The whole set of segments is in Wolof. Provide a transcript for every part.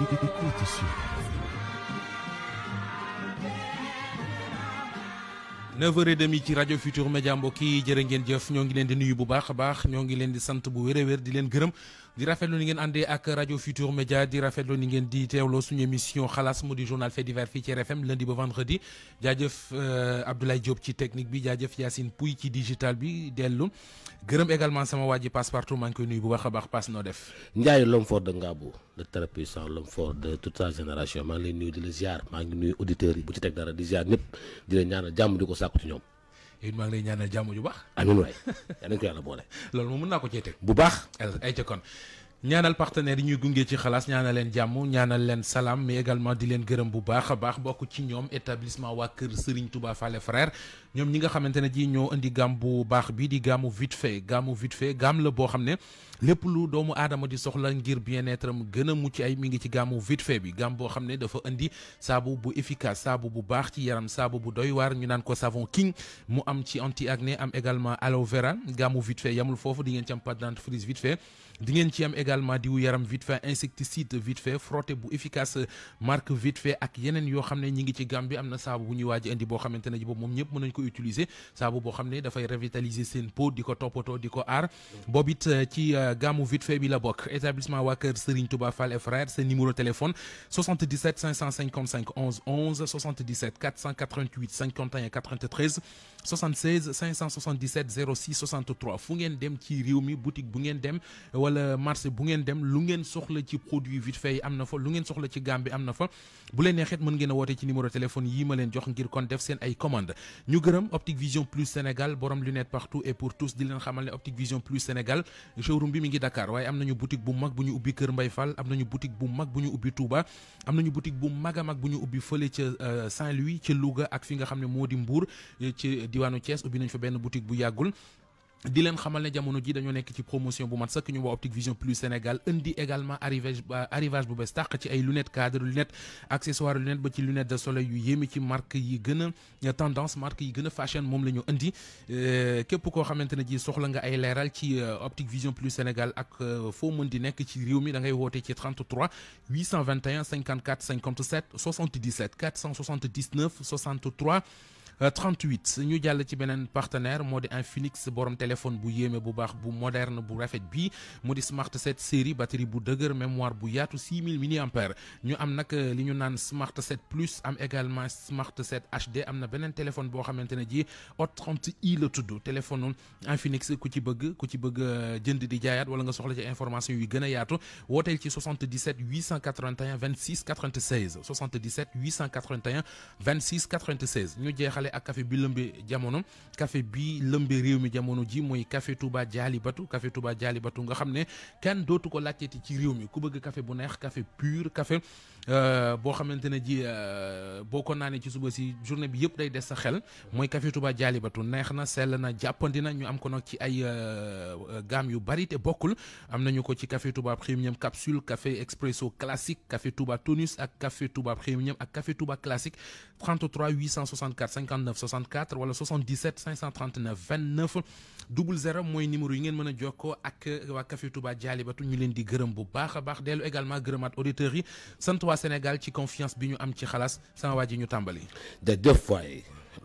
Écoute sur 9 h ci rajo Futur Média mbokk yi jërë ngeen jëf ñoo ngi leen di nuyu bu baax a baax ñoo ngi leen di sant bu wér a wér di leen gërëm. di rafetlu ni ngeen àndee ak rajo Futur Média di rafetlu ni ngeen di teewloo suñu émission xalaas mu di journal fait fii ci RFM lundi ba vendredi jaajëf euh, Abdoulaye Diop ci technique bi jaajëf Yacine Pouy ci digital bi dellu gërëm également sama waa ji passe partout maa ngi koy nuyu bu baax a baax passe noo def. Ndiaye l'homme fort de Ngabou le très puissant l'homme fort de toute sa génération maa ngi lay nuyu di la ngi nuyu auditeurs yi bu ci teg dara di ziar ñëpp di jàmm di ko sàkku ñoom. it maa ngi lay ñaanal jàmm ju baax. amiin waay yal nañu ko yàlla boole. loolu moom mën naa ko cee teg. bu baax. ay ca kon. ñaanal partenaires yi ñuy gunge ci xalaas ñaanal leen jàmm ñaanal leen salaam mais également di leen gërëm bu baax a baax bokk ci ñoom établissement waa kër Serigne Touba Fallé frère ñoom ñi nga xamante ne ji ñoo indi gàmm bu baax bi di gaamu vite fait gàmmu vite fait gàmm la boo xam ne lépp lu doomu aadama di soxla ngir bien-être am gën a mucc ay mi ngi ci gàmmu vite fait bi gàmm boo xam ne dafa indi saabu bu efficace saabu bu baax ci yaram saabu bu doy waar ñu naan ko savon king mu am ci anti acné am également aloe vera gàmmu yamul foofu di ngeen ci am pâte dentifrice vite di ngeen ci am également diwu yaram vite fait insecticide vite fait frotté bu efficace marque vite fait ak yeneen yoo xam ne ñi ngi ci bi am na saabu bu ñuy waaj indi boo xamante ne ji boobu moom ñëpp mën nañ ko utiliser saabu boo xam ne dafay revitaliser seen peau di ko toppatoo di ko aar boobu it euh, ci euh, gàmmu vite fait bi la bokk établissement waa kër Serigne Touba Fall et seen numéro téléphone fu ngeen dem ci réew mi boutique bu ngeen dem wala marché bu ngeen dem lu ngeen soxla ci produit vite fait am na fa lu ngeen soxla ci gamme bi am na fa bu leen neexeet mën ngeen wootee ci numéro téléphone yi ma leen jox ngir kon def seen ay commande ñu gërëm Optique Vision Plus Sénégal borom lunette partout et pour tous di leen xamal ne Optique Vision Plus Sénégal showroom bi mi ngi Dakar waaye am nañu boutique bu mag bu ñu ubbi Kër Mbay Fall am nañu boutique bu mag bu ñu ubbi Touba am nañu boutique bu mag a mag bu ñu ubbi fële ca euh, Saint-Louis Louga ak fi nga xam ne moo di Mbour ci diwaanu Thiès ubbi nañ fa benn boutique bu yàggul di leen xamal ne jamono ji dañoo nekk ci promotion bu mat sëkk ñu waa Optique Vision Plus Sénégal indi également arrivage arrivage bu bees tàq ci ay lunettes cadre lunettes accessoire lunettes ba ci lunettes de soleil yu yéeme ci marque yi gën a euh, tendance marque yi gën fashion moom la ñu indi euh, képp koo xamante ne ji soxla nga ay leeral ci euh, Optique Vision Plus Sénégal ak foo mën di nekk ci réew mi da ngay woote ci 33 821 54 57 77 479 63 38 euh, ñu jàll ci beneen partenaire moo di Infinix borom téléphone bu yéeme bu baax bu moderne bu rafet bi mu di Smart 7 série batterie bu dëgër mémoire bu yaatu 6000 mAh ñu am nag euh, li ñu naan Smart 7 plus am également Smart 7 HD am na beneen téléphone boo xamante ne ji Hot 30i la tudd téléphone Infinix ku ci bëgg ku ci bëgg euh, jënd di jaayaat wala nga soxla ci information yu gën a yaatu wooteel ci 77 881 26 96 77 jeexal. lëkkaale ak kafe bi lëmbe jamono kafe bi lëmbe réew mi jamono ji mooy kafe Touba Jaali kafe café jaalibatu nga xam ne kenn dootu ko laajteeti ci réew mi ku bëgg kafe bu neex café pur café Euh, boo xamante ne ji euh, boo ko ne ci suba si journée bi yëpp day des sa xel mooy café Touba jaalibatu neex na sell na jàppandi na ñu am ko nag ci ay euh, gamme yu bari te bokkul am nañu ko ci café Touba premium capsule café expresso classique café Touba tonus ak café Touba premium ak café Touba classique 33 864 59 64 wala 77 539 29 00 mooy numéro yi ngeen mën a jokkoo ak waa café Touba jaalibatu ñu leen di gërëm bu baax a baax dellu également gërëmaat auditeurs yi sant waa Sénégal ci confiance bi ñu am ci xalaas sama waa ji ñu tàmbali. jërëjëf waay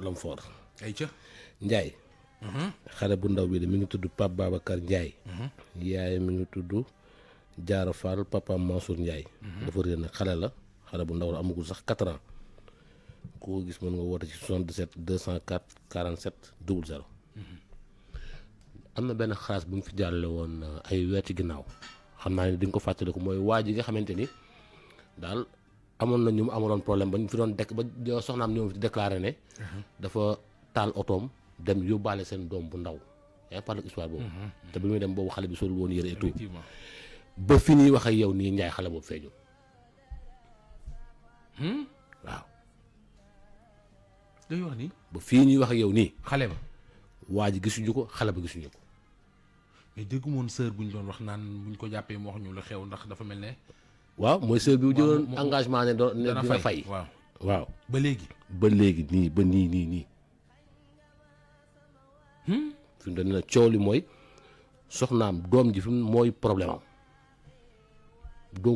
l'homme fort. ay ca Ndiaye. Mm-hmm. xale bu ndaw bii de mu ngi tudd Pape Babacar njaay mm-hmm. yaay mi ngi tudd Diarra Fall papa Mansour Ndiaye. Mm-hmm. dafa réer nag xale la xale bu ndaw la amagul sax 4 ans. koo gis mën nga woote ci 77 204 47 00. am na benn xalaas bu mu fi jàllale woon euh, ay weer ci ginnaaw xam naa ne di nga ko fàttaliku mooy waa ji nga xamante ni. daal amoon na ñu mu amaloon problème ba ñu fi doon dekk ba soxnaam ñoom fi déclaré ne. dafa taal otoom dem yóbbaale seen doom bu ndaw. yaa ngi parle histoire boobu. Mhm. te bi muy dem boobu xale bi solul woon yëre et tout. fi ñuy wax ak yow nii njaay xale boobu feeñu. Hmm? waaw. dañuy ba fii ñuy wax yow nii. xale waa ji gisuñu ko xale ba gisuñu ko. mais déggu moon sœur bu ñu doon wax naan bu ñu ko jàppee mu wax ñu xew ndax dafa mel ne. waaw mooy sër bi jëloon engagement ne doo dina fay waaw waaw ba léegi ba léegi nii ba nii nii nii hmm? fi mu ne coow li mooy soxnaam doom ji mooy problème am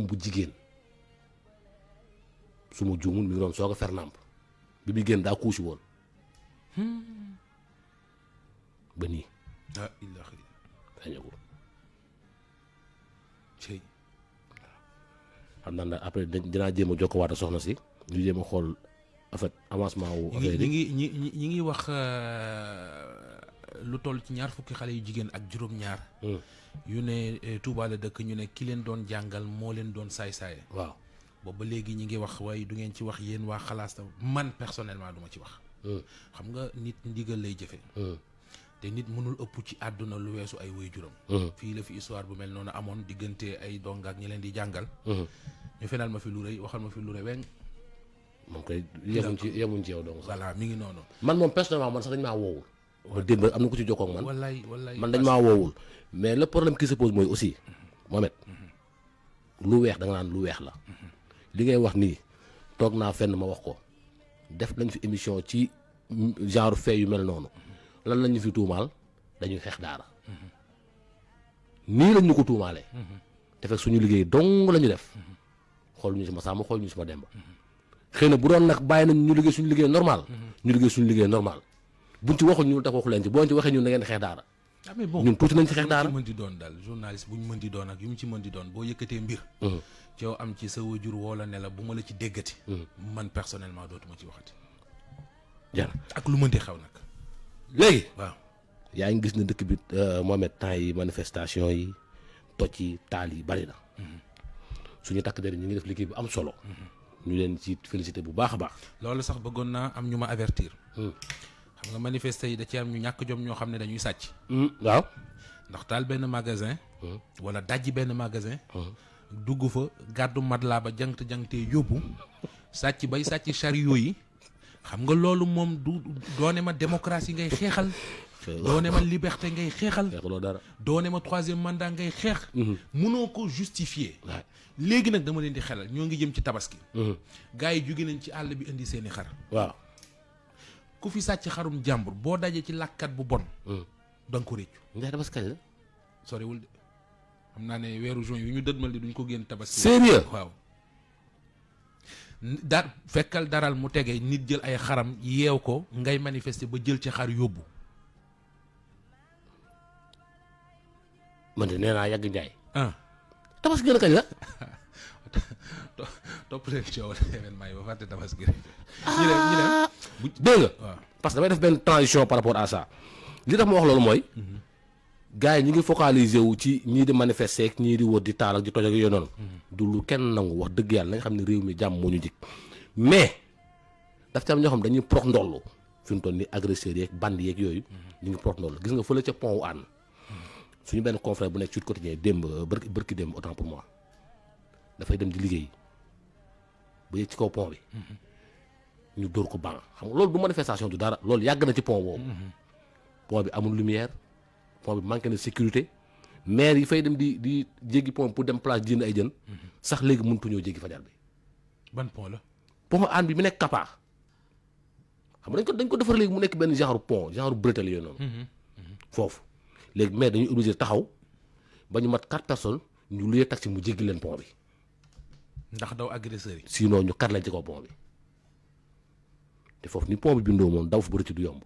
bu jigéen su ma juumul mi ngi doon soog a fernamp bi bi génn daa kuusi woon hmm. ba nii. xam naa ne après dinaa jéem a waata soxna si ñu jéem a xool en avancement wu. affaire yi ñi ngi ñi ñi ngi wax euh, lu toll ci ñaar fukki xale yu jigéen ak juróom-ñaar. Hmm. yu ne euh, Touba dëkk ñu ne ki leen doon jàngal moo leen doon saay-saay. waaw boobu ba léegi ñi ngi wax waaye du ngeen ci wax yéen waa xalaas man personnellement duma ci wax. Hmm. xam nga nit ndigal lay jëfe hmm. te nit mënul ëpp ci àdduna lu weesu ay waajuram mhm. fii la fi histoire bu mel noonu amoon diggante ay donga ak ñi leen di jàngal mhm. ñu fenal ma fi lu rëy waxal ma fi lu rëy weñ moom koy yemuñ ci yemuñ ci donc voilà mi ngi noonu man moom personnellement man sax dañ maa woowul ba démb am na ko ci jokkoo ak man wallaay wallaay man dañ maa woowul mais le problème qui se pose mooy aussi mhm. Mohamed weex da nga lu weex la li ngay wax nii toog naa fenn ma wax ko def nañ fi émission ci genre fait yu mel noonu lan lañu fi tuumaal dañuy xeex daara nii lañ ñu ko tuumaalee te fekk suñu liggéey dong la ñu def xool ñu si ma sàmm xool ñu si ma demba xëy na bu doon nag bàyyi nañ ñu liggéey suñu liggéey normal ñu suñu liggéey normal buñ ci waxul ñu tax waxu leen ci boo ci waxee ñun da ngeen xeex daara ah, ñun tuuti nañ ci xeex daara mën di doon daal journaliste bu ñu mën di doon ak yu mu ci mën di doon boo yëkkatee mbir mm-hmm. ci yow am ci sa wajur woo la ne la bu ma la ci déggati mm-hmm. man personnellement dootuma ci waxati ak lu mën di xew nag léegi waaw yaa ngi gis na dëkk bi euh, Mohamed temps yi manifestation yi toj yi taal yi bari na mhm. suñu takk der ñu ngi def liggéey bu am solo mhm. ñu leen ci félicité bu baax a baax loolu sax bëggoon naa am ñu ma avertir hmm. xam nga manifester yi da ci am ñu ñàkk jom ñoo xam ne dañuy sàcc hmm, waaw ndax taal benn magasin hmm. wala dajj benn magasin dugg fa gàddu mat laa ba jangte jangtee yóbbu sàcc bay sàcc chariot yi xam nga loolu moom du doone ma démocratie ngay xeexal. doone ma liberté ngay xeexal. doone ma troisième mandat ngay xeex. mënoo mhm. ko justifier. léegi nag dama leen di xelal ñoo ngi jëm ci tabaski. Mhm. gars yi jóge nañ ci àll bi indi seeni xar. waaw ku fi sàcc xarum jàmbur boo dajee ci làkkat bu bon. Mhm. da nga ko réccu. ndax de xam naa ne weeru juin yu ñu dëdmal di duñ ko génn tabaski. sérieux waaw. dar fekkal daral mu tege nit jël ay xaram yeew ko ngay manifester ba jël ci xar yóbbu. man de nee naa yàgg njaay. ah tabaski kañ la. topp leen coow événement yi ba fàtte tabaski gën ñu dem ñu dem. Ah. dégg nga. parce que damay def benn transition par rapport à ça li tax ma wax loolu mooy. Mhm. gars yi ñu ngi focaliser ci ñii di manifester ak ñii di wër di taal ak di toj ak yooyu noonu. Mm-hmm. du lu kenn nangu wax dëgg yàlla na xam ne réew mi jàmm moo ñu jig mais daf ci am ñoo xam dañuy prox ndollu fi mu toll nii agresseurs yeeg band yeeg yooyu. Mm-hmm. ñu ngi prox ndollu gis nga fële ca pont wu ànd. ñu benn confrère bu nekk Sud Quotidien démb bërki bërki démb autant pour moi dafay dem di liggéey bu yegg ci kaw pont bi. Mm-hmm. ñu dóor ko ban xam nga loolu du manifestation du dara loolu yàgg na ci pont boobu. pont bi pont bi manqué na sécurité maire yi fay dem di di jéggi pont pour dem place jënd ay jën mhm. sax léegi mëntuñoo jéggi fajar bi. ban pont la. pont aan bi mu nekk Kapa xam nga dañ ko dañ ko defar léegi mu nekk benn genre pon genre bretelle yooyu noonu. Mhm. Mhm. foofu léegi maire dañuy obligé taxaw ba ñu mat quatre personnes ñu luyee taxi mu jéggi leen pont bi. ndax daw agresseur yi. sinon ñu kar leen ci ko pont bi te foofu ni pont bi bindoo moom daw fa bëri ci du yomb.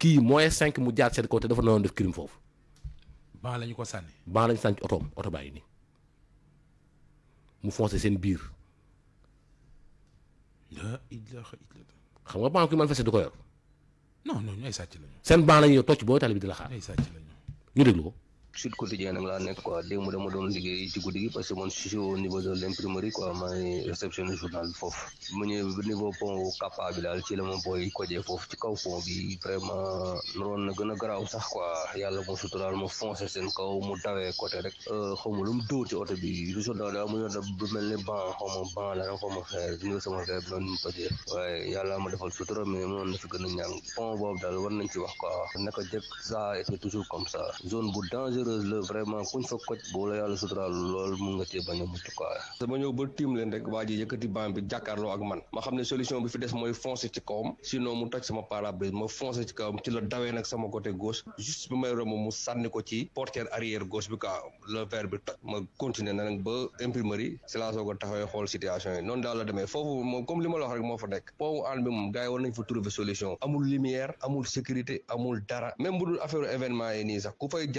kii moins cinq mu jaar seen côté dafa noonu def crime foofu. ban lañu ko sànni. ban lañu sànni otoom oto baa nii mu foncé seen biir. xam nga ban kuy manifester du ko yor. non non ñu sàcc lañu. seen ban lañuy yor tocc booy tali bi di la xaar. ñu déglu ko. Sud Quotidien nag a nekk quoi démb dama doon liggéey ci man je suis l' imprimerie journal bi foofu mu ñëw niveau pont Kappa ci la ma booy kojee foofu ci kaw pont bi vraiment na gën a garaaw sax quoi yàlla mu suturaal ma foncé seen kaw mu dawee côté rek euh, xaw ma lu mu bi lu so daw mu yor da bu mel ban xaw ban la xaw ma xeer ñëw sama xeer bi noonu parce que waaye yàlla ma defal sutura mais na fi gën a ñàng pont boobu daal war naka jëkk ça était toujours comme ça zone malheureuse la vraiment kuñ fa koj boo la yàlla suturaal lool mun nga cee bañ a mucc quoi dama ñëw ba tiim leen rek waa yëkkati ban bi jàkkaarloo ak man ma xam ne solution bi fi des mooy foncer ci kawam sinon mu toj sama pare-brise ma foncer ci kawam ci la dawee nag sama côté gauche juste bi may romb mu sànni ko ci portière arrière gauche bi quoi le verre bi toj ma continuer na ba imprimerie si laa soog a taxawee xool situation yi noonu daal la demee foofu moom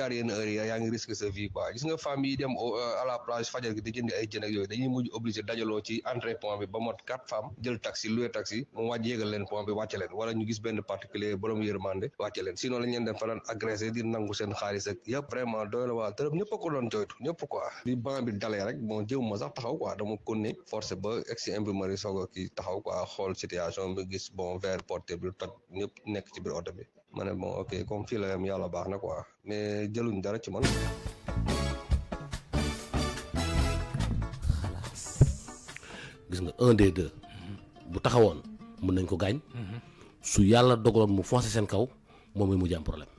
comme yi yaa ngi risque sa vie quoi gis nga famille yi dem euh, à la plage fajar gi di jëndi ay jën ak yooyu dañuy mujj obligé dajaloo ci entrée pont bi ba mot quatre femmes jël taxi loué taxi mu wàaj yéegal leen pont bi wàcce wala ñu gis benn particulier borom yërmande wàcce leen si lañ leen dem fa daan di nangu seen xaalis ak yëpp vraiment doy la waa tërëb ñëpp a ko doon jooytu ñëpp quoi bi ban bi dalee rek bon jëw ma sax taxaw quoi dama kon ne forcé ba egsi imprimerie soog taxaw quoi xool situation gis bon verre porté bi ñëpp nekk ci biir oto bi ma ne bon ok comme fii yàlla baax na quoi mais jëluñ dara e ci man. gis nga un des deux. bu taxawoon mën nañ ko gaañ. su yàlla dogaloon mu foncé seen kaw moom mu jàmm problème.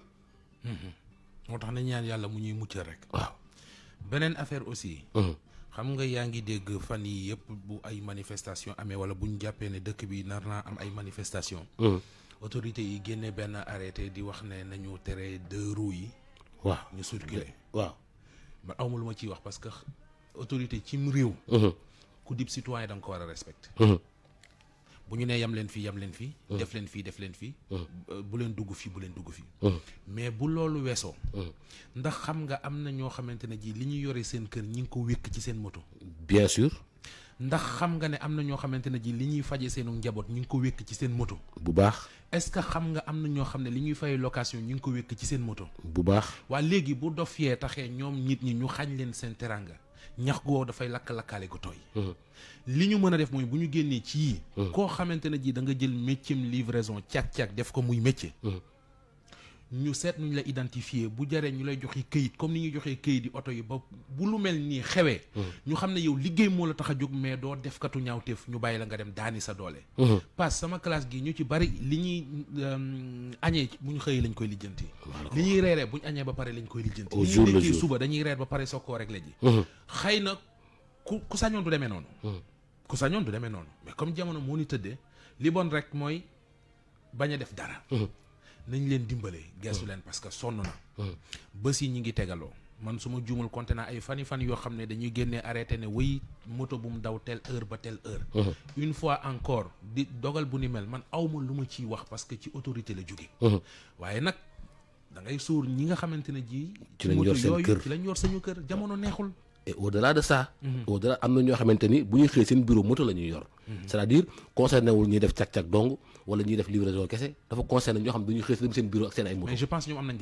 moo tax nañ ñaan yàlla mu ñuy muccal rek. beneen affaire aussi. Mhm. xam nga yaa ngi dégg fan yi yëpp bu ay manifestation amee wala buñ jàppee ne dëkk bi nar naa am ay manifestation mhm. autorités yi génne benn arrêté di wax ne nañu tere de roues yi. waaw ñu circuler waaw. man awma lu ma ciy wax parce que autorité cim réew. ku dib citoyen da ko war a respecté. bu ñu nee yam leen fii yam leen fii. def leen fii def leen fii. Euh, bu leen dugg fii bu leen dugg fi mais bu loolu weesoo. ndax xam nga am na ñoo xamante ne ji li ñuy yore seen kër ñi ngi ko wékk ci seen moto. bien sûr. ndax xam nga ne am na ñoo xamante ne ji li ñuy faje seenu njaboot ñi ngi ko wékk ci seen moto. bu baax est-ce que xam nga am na ñoo xam ne li ñuy faye location ñu ngi ko wékk ci seen moto. bu baax waa léegi bu dof yee taxee ñoom nit ñi ñu xañ leen seen teranga ñax gu wow dafay lakk-lakkaale gu tooy. li ñu mën a def mooy bu ñu génnee ci yii. koo xamante ne ji danga jël métier livraison càq-càq def ko muy métier. ñu seet nuñ la identifier bu jaree ñu lay joxe këyit comme ni ñuy joxee këyit yi oto yi ba bu lu mel nii xewee. Mm-hmm. ñu xam ne yow liggéey moo la tax a jóg mais doo defkatu ñaawteef ñu bàyyi la nga dem daani sa doole. Mm-hmm. parce sama classe gi ñu ci bari li ñuy euh, añee bu ñu xëyee lañ koy lijjanti. li ñuy reeree bu ñu añee ba pare lañ koy lijjanti. au jour le jour suba dañuy reer ba pare soog koo réglé ji. Mm-hmm. xëy na ku ku sañoon du demee noonu. ku sañoon du demee noonu mais comme jamono moo ni tëddee li bon rek mooy bañ a def dara. nañ leen dimbale geesu hmm. leen parce que sonn na hmm. bés yi ñu ngi tegaloo man su ma juumul compté naa ay fani fan yoo xam ne dañuy génnee arrêté ne wéy moto bu mu daw tel heure ba tel heure hmm. une fois encore di dogal bu ni mel man awma lu ma ciy wax parce que ci autorité la jóge waaye nag da ngay suur ñi nga xamante ne ji ci moto yooyu ci lañ yor sañu kër jamono neexul et au de ça. Mhm. au am na ñoo xamante ni bu ñuy xëy seen bureau moto la yor. Mhm. c'est-à-dire concerné ñuy def càq-càq dong wala ñuy def livraison kese dafa concerné ñoo xam ne dañuy xëy si seen bureau moto. mais je pense ñoom am nañ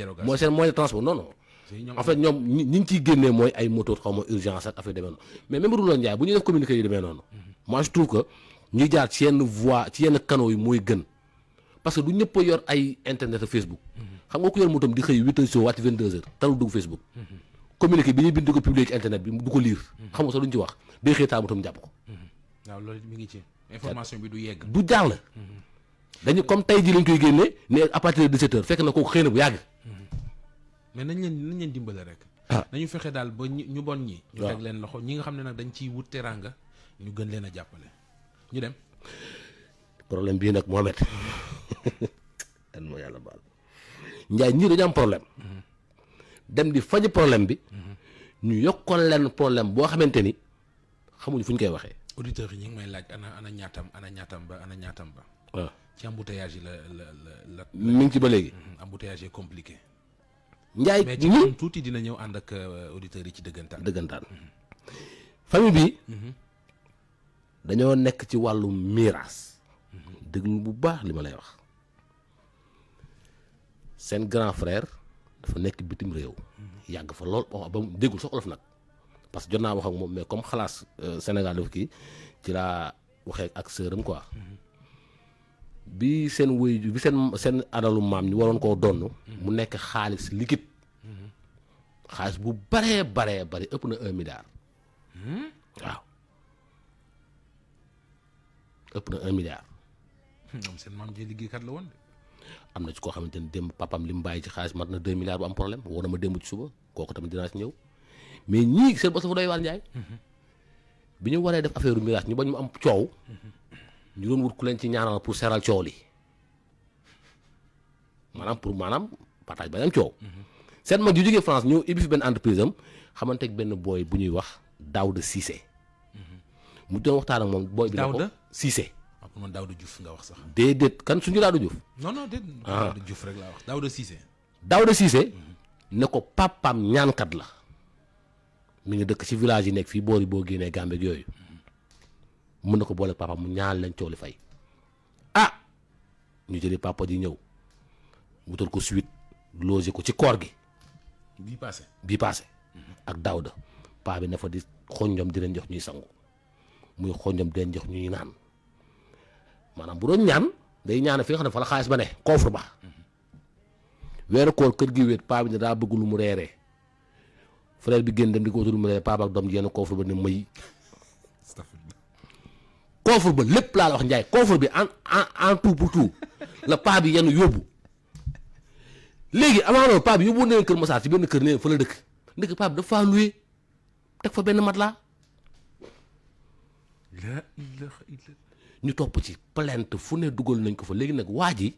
ñuy def communiqué yu demee mhm. mooy gën parce a yor xam nga ku yor motom di xëy huit heures si wàcc vingt deux heures talul dugg Facebook communiqué bi ñu bind ko publier ci internet bi du ko lire. xam nga sax ci wax day xëy taamutam jàpp ko. waaw loolu mu ngi ci information bi du yegg. du jàll. dañu comme tey jii lañ koy génne ne à partir de 17 fekk na kooku xëy na bu yàgg. mais nañ leen nañ leen dimbale rek. ah nañu fexe daal ba ñu bon ñi. ñu teg leen loxo ñi nga xam ne nag dañ ciy wut teraanga ñu gën leen a jàppale ñu dem. problème bii nag Mohamed. dan moo yàlla baal Ndiaye ñii dañu am dem di faj problème bi ñu yokkal leen problème boo xamante ni xamuñu fu ñu koy waxee. auditeurs yi ñu ngi may laaj ana ana ñaatam ana ñaatam ba ana ñaatam ba. waaw ci embouteillage yi la la ci ba léegi. Mhm, embouteillage yi compliqué. Njaay mais ci tuuti dina ñëw ànd ak euh, auditeurs yi ci dëggantaan. dëggantaan mhm. famille bi. Mhm. dañoo nekk ci wàllu miiras. déglu bu baax li ma lay wax. seen grand frère. dafa nekk bitim réew. yàgg fa lool ba mu déggul sax olof nag parce que jot naa wax moom mais comme xalaas euh, Sénégal dafa kii ci laa waxee ak sëram quoi. bi seen wéy bi seen seen alalu maam ñu waroon koo donn mu nekk xaalis liquide. xaalis bu bare baree bari ëpp na un milliard. waaw ëpp na un milliard. ñoom hmm, seen maam ji liggéeykat la woon am na ci koo xamante ni démb papam li mu bàyyi ci xaalis mat na 2 milliards bu am problème woo na ma démb ci suba kooku tamit dinaa ci ñëw mais ñii seen bos dafa doy waar Ndiaye. Mhm. bi ñu waree def affaire mirage ñu bañ mu am coow. ñu doon wut ku leen ci ñaanal pour seeral coow li maanaam pour maanaam partage bañ am coow. Mhm. seen mag yu jógee France ñëw ubbi fi benn entreprise am xamante ak benn booy bu ñuy wax Daouda Cissé. Mhm. mu doon waxtaan moom booy bi ne ko Cissé. pour man Daouda Diouf nga wax sax. déedéet kan suñu Daouda Diouf. non non déedéet. Ah. Daouda Diouf rek laa mhm. ne ko papaam ñaankat la mu ngi dëkk ci village yi nekk fii boori boo génnee Gambie yooyu mhm. mun na ko boole papaam mu ñaan leen cooli fay ah ñu jëlee papa ji ñëw wutal ko suite loger ko ci koor gi. bii paase bii mhm. ak Daouda paa bi na fa di xonjom di leen jox ñuy sangu muy xonjom di leen jox ñuy naan. maanaam bu doon ñaan day ñaan fi nga xam ne fa la xaalis ba ne coffre ba weeru koor kër gi wéet paa bi ne daa bëgg lu mu reeree frère bi génn dem di ko wutul mu reeree paa ba ak doom lépp laa wax njaay coffre bi en en en tout la paa bi yenn yóbbu léegi avant loolu paa kër Massar ci benn kër ne fa la dëkk ndëkk paa bi dafa faa teg fa benn mat la ñu topp ci plainte fu ne dugal nañ ko fa léegi nag waa ji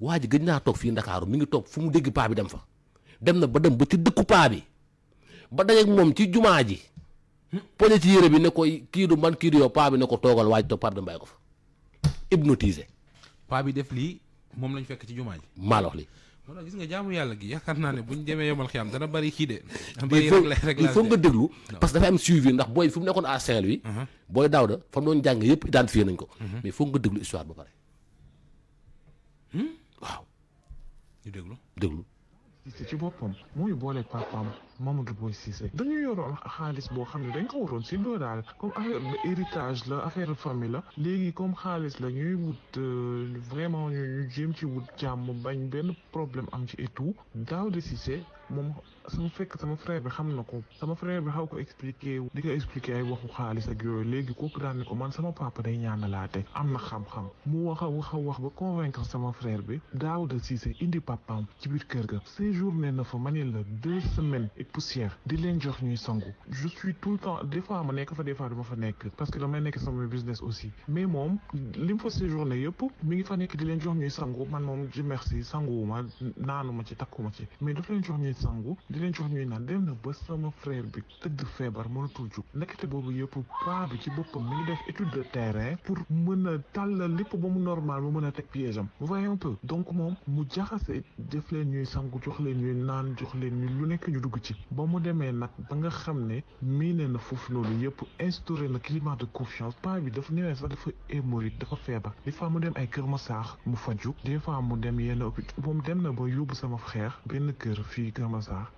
waa ji gëj naa toog fii ndakaaru mi ngi toog fu mu dégg paa bi dem fa dem na ba dem ba ci dëkku paa bi ba dajeeg moom ci jumaa ji poñe ci yére bi ne koy kii du man kii du yow paa bi ne ko toogal waaj ji toog paa bi dem bàyyi ko fa hypnotisé paa bi def lii moom lañ fekk ci jumaa ji maa li moo tax gis nga jaamu yàlla gi yaakaar naa ne bu ñu demee yomal xiyaam dana bëri kii de. bëri rek il faut nga déglu. parce que dafa am suivi ndax booy fu mu nekkoon à Saint-Louis. Uh-huh. booy Daouda fa mu doon jàng yëpp identifié nañ ko. Uh-huh. mais foog nga déglu histoire ba pare. Hmm? waaw. ñu déglu déglu. Cissé ci boppam muy booleeg papaam Mamadou Boy Cissé dañu yoroon xaalis boo xam ne dañ ko waroon si doo daal comme affaire héritage la affaire famille la léegi comme xaalis la ñuy wut euh, vraiment ñu jéem ci wut jàmm bañ benn problème am ci et tout Daouda Cissé moom su ma fekk sama frère bi xam na ko sama frère bi xaw ko expliqué di ko expliqué ay waxu xaalis ak yooyu léegi kooku daan ne ko man sama papa day ñaamelaate am na xam-xam mu wax a wax a wax ba convaincre sama frère bi Daouda Cissé indi papaam ci biir kër ga séjourné na fa mani la deux semaines et poussière di leen jox ñuy sangu ju suis tout le temps des fois ma nekk fa des duma fa nekk parce que damay nekk sama business aussi mais moom li mu fa séjourné mi ngi fa nekk di leen jox ñuy sangu man moom ji merci sanguwuma naanuma ci takkuma ci mais daf leen jox sangu di jox ci ñuy naan dem na ba sama frère bi tëdd feebar mënatul jug ndekete boobu yëpp paa bi ci boppam mi ngi def étude de terrain pour mën a tàllal lépp ba mu normal mu mën a teg piège am vous donc moom mu jaxase def leen ñuy sangu jox leen ñuy naan jox leen ñuy lu nekk ñu dugg ci ba mu demee nag ba nga xam ne miine na foofu noonu yëpp instauré na climat de confiance bi dafa newee dafa hémorroïde dafa feebar des fois mu dem ay kër ma saax mu faju des fois mu dem yenn hôpital moom dem na ba yóbbu sama frère benn kër fii kër ma saax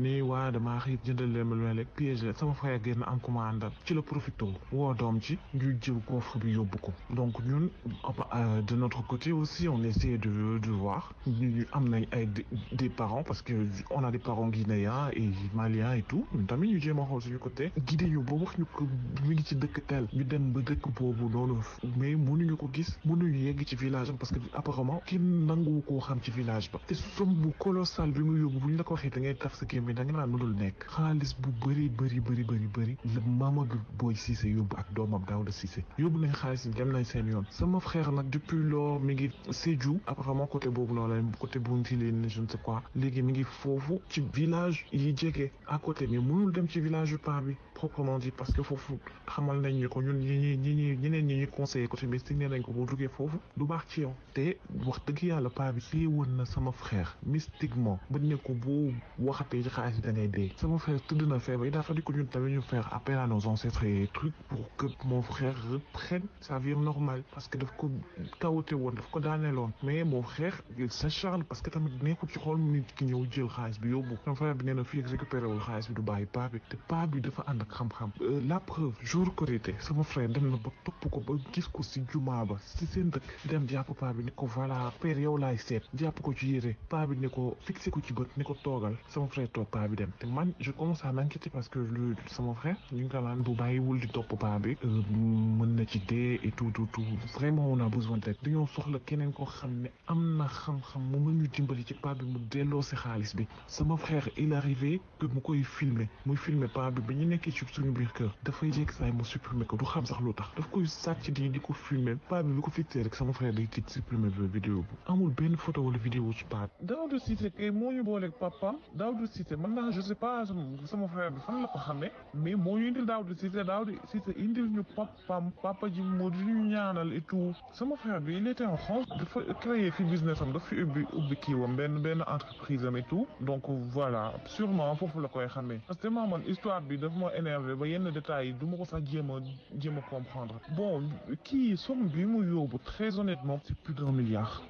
nii waa damaa xëy jëndal leen ma lu lekk piège la sama frère am commandal ci la profité woo doom ci ñu jël coffre bi yóbbu ko donc ñun euh, de notre côté aussi on essaie de de am nañ ay des parents parce que on a des parents guinéens et maliens et tout tamit ñu jéem a xool suñu côté guidé ñu ba wax ñu ko mi ngi ci dëkk teel ñu dem ba dëkk boobu noonu mais mënuñu ko gis mënuñu yegg ci village parce que apparemment kenn nanguwu koo xam ci village ba te somme bu colossal bi mu yóbbu bu ñu la ko mais da nga naan mënul nekk xaalis bu bëri bëri bëri bëri bëri la Mamadou Boy Cissé yóbbu ak doomam Daouda Cissé yóbbu nañ xaalis bi dem nañ seen yoon sama frère nag depuis lors mi ngi Sédhiou apparemment côté boobu noonu la côté Bounkiling je ne sais quoi léegi mi ngi foofu ci village yi jege à côté mais mënul dem ci village yu paa bi proprement dit parce que foofu xamal nañ ñu ko ñun ñi ñi ñi ñeneen ñi ñuy conseillé côté bi si nee nañ ko boo duggee foofu du baax ci yow te wax dëgg yàlla paa bi téye woon na sama frère mystiquement ba ne ko boo waxatee xaalis bi da ngay dee sama frère tëdd na feebar il a fallu que ñun tamit ñu faire appel à nos ancêtres et trucs pour que sa vie parce que tamit nekkul ci xool nit ki ñëw jël xaalis bi yóbbu sama frère bi nee na fii récupéré wul xaalis bi euh, la preuve jour korité sama frère dem na ba ko ba gis ko si ba si seen dëkk dem jàpp paa seet jàpp ko ci ne ko fixé ko ci bët ne ko toogal sama frère toog paa bi dem te man je commence à m'inquiéter parce que le euh, koo xam ne am na xam-xam mu mën ñu dimbali ci paa bi mu delloo si xaalis bi sama frère il arrivé que mu koy filmer muy filmer paa bi ba ñu nekkee ci suñu biir kër dafay jekk saay mu supprimer ko du xam sax lu tax daf koy sàcc di di ko filmer paa bi bi ko fixé rek sama frère day tiit supprimer vidéo bi amul benn photo wala vidéo su paa bi Daouda Cissé kay moo ñu booleeg papaam Cissé mën naa je sais pas sama frère bi fan la ko mais moo ñu daaw di Cissé daaw di Cissé indil ñu papam papa ji moo di ñaanal et tout sama frère bi il était en France dafa créer fi business am dafa fi ubbi ubbi kiiwam benn benn entreprise am et tout donc voilà sûrement foofu la koy xamee parce que man histoire bi dafa moo énervé ba yenn détails yi du ma ko sax jéem a jéem a comprendre bon kii somme bi mu yóbbu très honnêtement c'est plus d'un milliard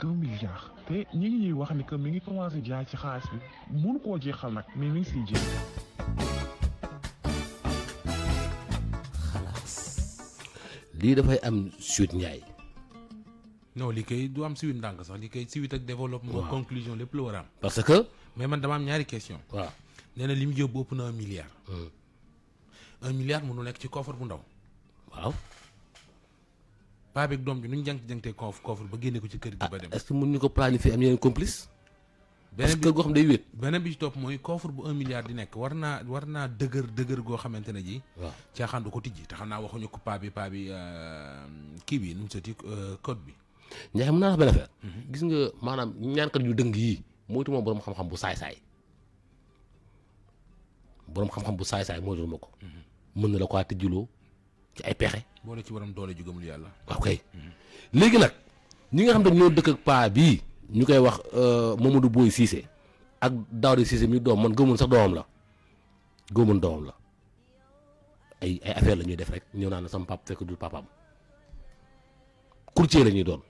deux te ñi ngi ñuy wax ni que mi ngi commencé jaay ci xaalis bi mënu koo jeexal nag mais mi ngi siy jeex. lii dafay am suite Ndiaye. non li koy du am suite ndànk sax li koy suite ak développement. conclusion lépp la war am. parce que. mais man dama am ñaari question waaw nee na li mu na un milliard. Hmm. un milliard mënu nekk ci coffre bu ndaw. waaw paa beeg doom bi nu ñu jànk jànktee koof kooful ba génne ko ci kër gi ba dem. Ah, est-ce que mën ñu ko planifier am yeneen complice. parce que goo xam day beneen bi ci topp mooy coffre bu un milliard di nekk war naa war naa dëgër dëgër goo xamante ne ji waaw caaxaan du ko tijji te xam naa waxuñu ko paa bi paa euh, kii bi nu mu sati euh, code bi ñaay mën naa wax benn affaire mhm. gis nga maanaam ñaankat yu dëng yii moytu moom boroom xam-xam bu saay-saay boroom xam-xam bu saay-saay moytu ma ko mhm. mën na la ko tijjuloo ci ay pexe. boole ci waram doole ju gëmul yàlla. waaw kay mhm. léegi nag ñi nga xam ne ñoo dëkk paa bii ñu koy wax euh, Mamadou Boye Cissé ak Daouda Cissé mi doom man gëmul sax doomam la gëmul doomam la ay ay affaire la ñuy def rek ñëw naa ne sama pap fekk du papaam courtier la ñuy doon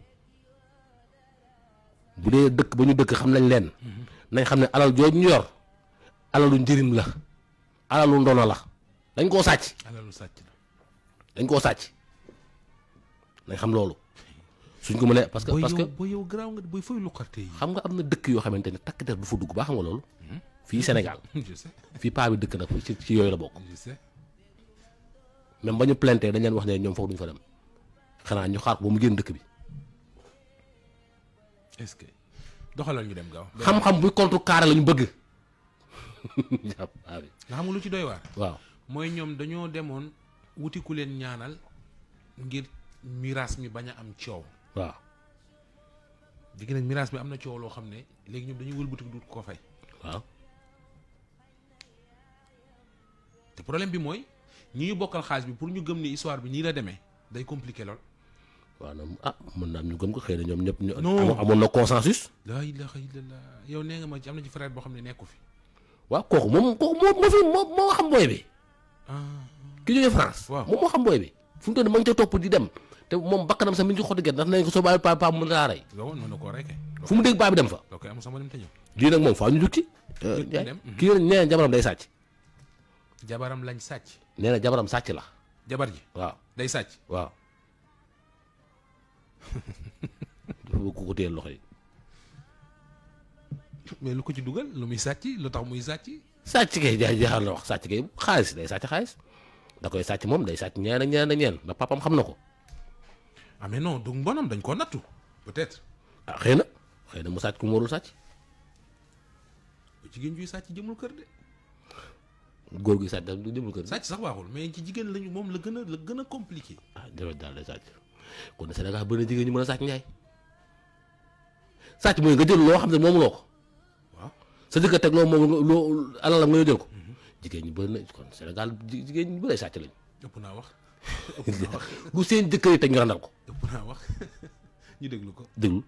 bu dee dëkk ba ñu dëkk xam nañ leen mhm. nañ xam ne alal jooju ñu yor alalu njëriñ la alalu ndono la dañ koo sàcc. sàcc dañ koo sàcc nañ xam loolu suñ ko mënee parce que parce que booy yow garaaw nga booy fooy lukkarte yi xam nga am na dëkk yoo xamante ne takk der bu fa dugg baa xam nga loolu hmm? fii Sénégal fii paa bi dëkk nag ci ci yooyu la bokk même ba ñu planté dañ leen wax ne ñoom foofu duñ fa dem xanaa ñu xaar ba mu génn dëkk bi ce que doxalal ñu dem gaaw xam-xam bu contre carré lañu bëgg nga xam nga lu ci doy waar waaw mooy ñoom dañoo demoon wuti ku leen ñaanal ngir miraas mi bañ a am coow. waaw. léegi nag miraas mi am na coow loo xam ne léegi ñoom dañuy wëlbati du ko fay. waaw. te problème bi mooy ñi ñu bokkal xaalis bi pour ñu gëm ni histoire bi nii la demee day compliqué lool. waaw nag ah mën naa ñu gëm ko xëy ne ñoom ñëpp. ñu amoon na consensus. laa ilaaha illallah yow nee nga ma ci am na ci frère boo xam ne nekku fi. waaw kooku moom kooku moo moo xam booy bi. Ah. ki jógee France. waaw moom moo xam booy bi fu mu toll nii ma ngi ca topp di dem te moom bakkanam sax mi ngi ci xottu gerte ndax nee nañ ko soo bàyyi paa paa mën naa koo rey fu mu dégg paa bi dem fa. ok amul sama dem te ñëw. lii nag moom faa ñu jukki. Euh, mhm. kii nag nee na jabaram day sàcc. jabaram lañ sàcc. nee na jabaram sàcc la. jabar ji waaw day sàcc. waaw. dafa bëgg loxo yi. mais lu ko ci dugal lu muy sàcc lu tax muy sàcc. sàcc kay jaay jaaxal la wax sàcc kay xaalis day sàcc xaalis. da koy sàcc moom day sàcc ñaan ak ñaan na ñaan ndax papam xam na ko. ah mais non du mbonam dañ koo nattu peut-être. ah xëy na xëy na mu sàcc ku mu warul sàcc. jigéen juy sàcc jëmul kër de. gi sàcc daal du jëmul kër sax waaxul mais ci jigéen lañu moom la gën a la gën a compliqué. Ah, daal de sàcc kon Sénégal bëri na jigéen ñu mën a sàcc njaay sàcc mooy nga jël loo xam ne moomuloo ko. waaw sa jëkkër teg loo moom loo alalam nga jël ko. Mm-hmm. jigéen ñi bëri na kon Sénégal jigéen ñi bëri sàcc lañ. ëpp naa wax ëpp naa wax. bu seen jëkkër yi te ñu randal ko. ëpp naa wax ñu déglu ko déglu.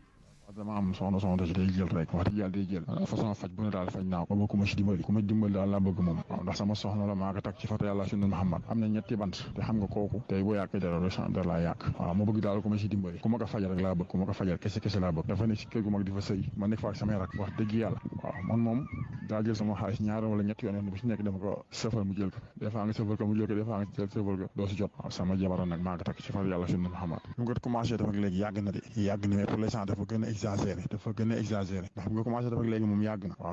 dama am soxna soxna si day jël rek wax dëgg yàlla day jël façon faj bu ne daal faj naa ko ba ku ma si dimbali ku ma dimbali daal laa bëgg moom waaw ndax sama soxna la maa ko tag ci fatu yàlla sunna Muhammad am na ñetti bant te xam nga kooku tey boo yàqee dara doo dara laa yàq waaw ma bëgg daal ku ma si dimbali ku ma ko fajal rek laa bëgg ku ma ko fajal kese kese laa bëgg dafa nekk si kër gu mag di fa sëy ma nekk fa ak samay rak wax dëgg yàlla waaw man moom daa jël sama xaalis ñaar wala ñetti yoon bu si nekk dama ko sëfal mu jël ko des fois nga sëfal ko mu jël ko des fois nga jël sëfal ko doo si jot waaw sama jabaroon nag maa ko tag ci fatu yàlla sunna Muhammad exagéré dafa gën a exagéré ndax bi nga def ak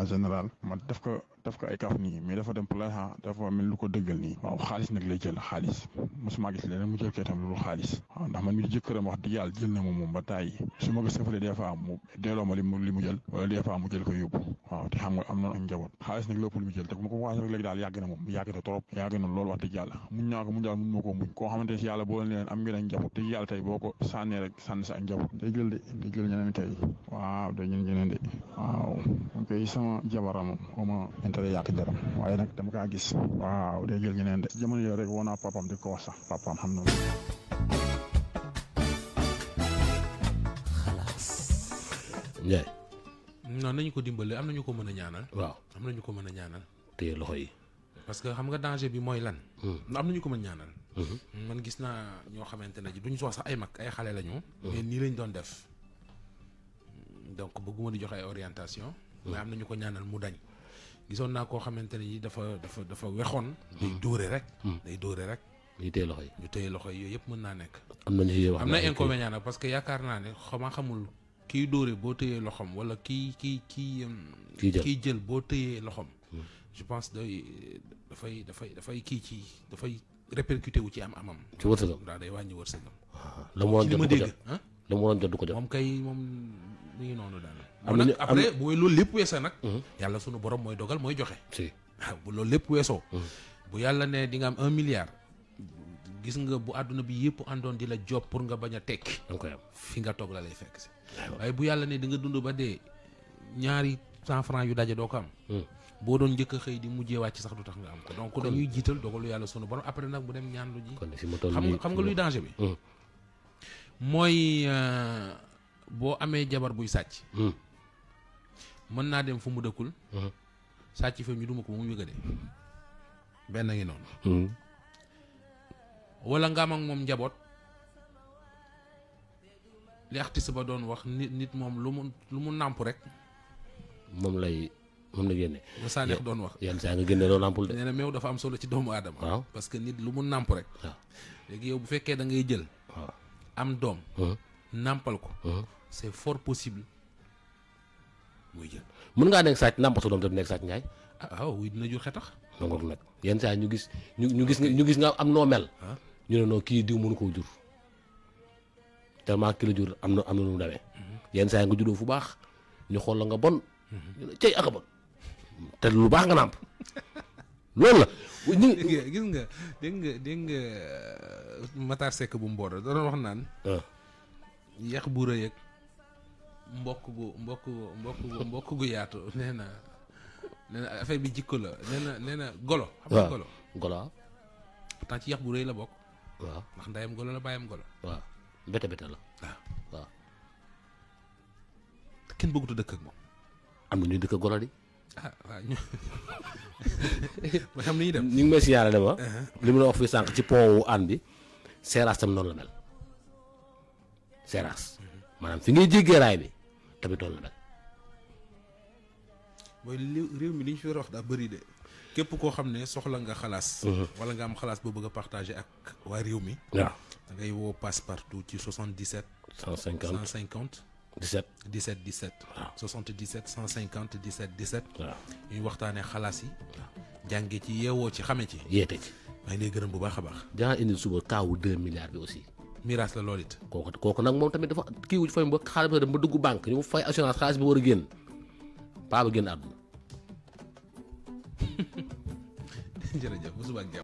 en général ma def ko def ka ay kaf nii mais dafa dem plaha ah, dafa mel lu ko dëggal nii waaw xaalis nag lay jël xaalis mosuma gis leneen mu jël kay tam xaalis ndax man mi di jëkkëram wax dëgg yàlla jël na moom moom ba tàyyi su ma ko sëfalee des fois wala des fois mu ko yóbbu te xam nga am na ak njaboot xaalis nag lépp lu mu daal yàgg na moom yàgg na trop yàgg na loolu wax dëgg yàlla muñ naa ko muñ daal muñ ma koo muñ boo leen am ngeen ak njaboot te yàlla tey boo ko sànnee rek sànn sa ak njaboot day jël de day jël ñeneen tey waaw day ñeneen ñeneen de waaw tere yàq jaram waaye nag dama kaa gis waaw day jël ñeneen de jamono yooyu rek woo naa papam di ko wax sax papam xam na Ndiaye. non nañu ko dimbale am nañu ko mën a ñaanal. waaw am nañu ko mën a ñaanal. te loxo yi. parce que xam nga danger bi mooy lan. Hmm. am nañu ko mën ñaanal. Hmm. man gis naa ñoo xamante ne du ñu sox sax ay mag ay xale lañu. Hmm. nii lañ doon def. donc bëgguma di joxe ay orientation. mais am nañu ko ñaanal mu dañ. gisoon naa koo xamante ne dafa dafa dafa wexoon. day hmm. dóore rek. Hmm. day dóore rek. ñu téye loxo yi ñu téye loxo yi yooyu yëpp mën naa nekk. am na ñu wax am na inconvénient nag parce que yaakaar naa ne xamaa xamul kiy dóore boo téyee loxom wala kii kii kii. kiy jël kiy jël boo téyee loxom hmm. je pense day dafay dafay dafay kii ci dafay répercuté wu ci am amam. ci wërsëgam daal day wàññi wërsëgam. waaw la mu waroon jot du ko jot ko jot. moom kay moom mi ngi noonu daal. am nañu après boo loolu lépp weesoo nag. Mhm. yàlla sunu borom mooy dogal mooy joxe. bu loolu lépp weesoo. Mhm. bu yàlla ne di nga am un milliard. gis nga bu àdduna bi yëpp àndoon di la job pour nga bañ a tekki. fi nga toog la lay fekk si. waaye bu yàlla ne di nga dund ba dee ñaari cent franc yu daje doo ko am. Mhm. boo doon njëkk xëy di mujjee wàcc sax du tax nga am ko. donc dañuy jiital dogalu yàlla sunu borom après nag bu dem ñaan lu ji. xam nga xam nga luy danger bi. mooy euh, boo amee jabar buy sàcc. mën naa dem fu mu dëkkul. sàcc fi ñu duma ko moom yëgade benn ngi noonu. wala nga am ak moom njaboot li artiste ba doon wax nit nit moom lu mu lu mu nàmp rek. moom lay moom la génne. ba saa neex doon wax yenn saa nga génne loo nàmpul de. nee na meew dafa am solo ci doomu aadama. waaw parce que nit lu mu nàmp rek. léegi yow bu fekkee da ngay jël. am doom. nàmpal ko. c'est fort possible. muy mën ngaa nekk sàcc nàmpatu doom tam nekk sàcc ngaay ah wuy ah, dina jur xetax nangook nag yenn saa ñu gis ñu ñu gis ñu gis nga am noo mel ah. ñu ne noo kii diw mënu koo jur tellement ki jur am na am na nu mu demee mhm. yenn saa nga juddoo baax ñu xool la nga bon ñu mhm. te lu baax nga nàmp loolu la nga gis nga dégg nga dégg nga Matar Seck bu Mbooda da doon mbokk gu mbokk gu mbokk gu mbokk gu yaatu nee na nee na affaire bi jikko la nee na na golo. xam nga golo golo ci yax bu la bokk. waaw ndax ndayam golo la bàyyam golo. waaw bete bete la. waaw waaw. kenn bëggutu dëkk ak moom. am na ñuy dëkk golo di. ah waaw ñu xam ni ñuy dem. ñu may siyaare ne ah. uh-huh. ma. li mu la wax fii sànq ci pont wu ànd bi. seeraas tam noonu la mel. seeraas uh-huh. maanaam fi ngay jéggee raay bi tamit loolu la mel. mooy réew mi li ñu fi war wax daa bëri de képp koo xam ne soxla nga xalaas. Mhm. wala nga am xalaas boo bëgg a ak waa réew mi. waaw da ngay woo passe partout ci 77. 150 150. 17 17 17. waaw 77 150 17 17. waaw ñuy waxtaanee xalaas yi. jànge ci yeewoo ci xame ci. yeete ci. maa ngi lay gërëm bu baax a baax. dinaa indi suba kaawu 2 milliards bi aussi. miraas la loolu it. kooku nag moom tamit dafa kii wu ñu fay ba xaalis ba dem ba dugg banque ñu fay assurance xaalis bi war a génn paa ba génn àdduna. jërëjëf bu subaa